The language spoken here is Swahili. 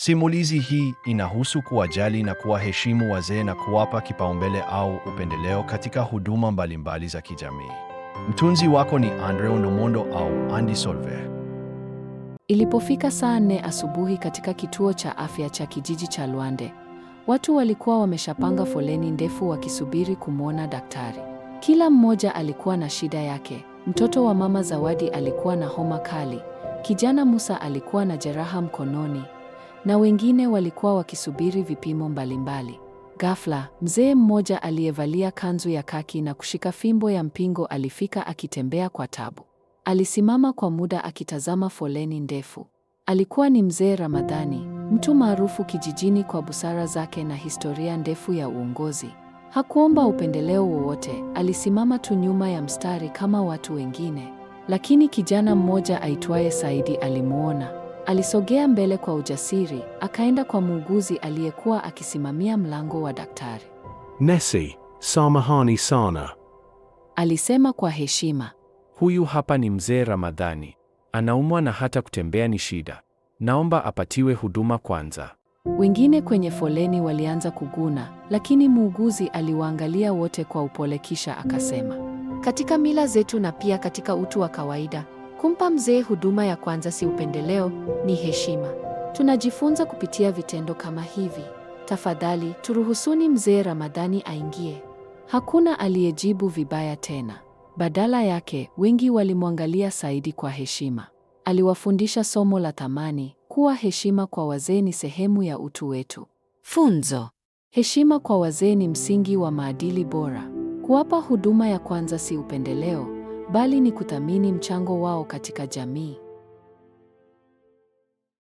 Simulizi hii inahusu kuwajali na kuwaheshimu wazee na kuwapa kipaumbele au upendeleo katika huduma mbalimbali za kijamii. Mtunzi wako ni andreo nomondo au Andy solve Ilipofika saa nne asubuhi katika kituo cha afya cha kijiji cha Lwande, watu walikuwa wameshapanga foleni ndefu wakisubiri kumwona daktari. Kila mmoja alikuwa na shida yake. Mtoto wa mama Zawadi alikuwa na homa kali, kijana Musa alikuwa na jeraha mkononi na wengine walikuwa wakisubiri vipimo mbalimbali. Ghafla, mzee mmoja aliyevalia kanzu ya kaki na kushika fimbo ya mpingo alifika akitembea kwa tabu. Alisimama kwa muda akitazama foleni ndefu. Alikuwa ni mzee Ramadhani, mtu maarufu kijijini kwa busara zake na historia ndefu ya uongozi. Hakuomba upendeleo wowote, alisimama tu nyuma ya mstari kama watu wengine. Lakini kijana mmoja aitwaye Saidi alimuona. Alisogea mbele kwa ujasiri, akaenda kwa muuguzi aliyekuwa akisimamia mlango wa daktari. Nesi, samahani sana, alisema kwa heshima. Huyu hapa ni mzee Ramadhani, anaumwa na hata kutembea ni shida. Naomba apatiwe huduma kwanza. Wengine kwenye foleni walianza kuguna, lakini muuguzi aliwaangalia wote kwa upole kisha akasema, katika mila zetu na pia katika utu wa kawaida, Kumpa mzee huduma ya kwanza si upendeleo, ni heshima. Tunajifunza kupitia vitendo kama hivi. Tafadhali turuhusuni mzee Ramadhani aingie. Hakuna aliyejibu vibaya tena. Badala yake, wengi walimwangalia Saidi kwa heshima. Aliwafundisha somo la thamani, kuwa heshima kwa wazee ni sehemu ya utu wetu. Funzo: heshima kwa wazee ni msingi wa maadili bora. Kuwapa huduma ya kwanza si upendeleo bali ni kuthamini mchango wao katika jamii.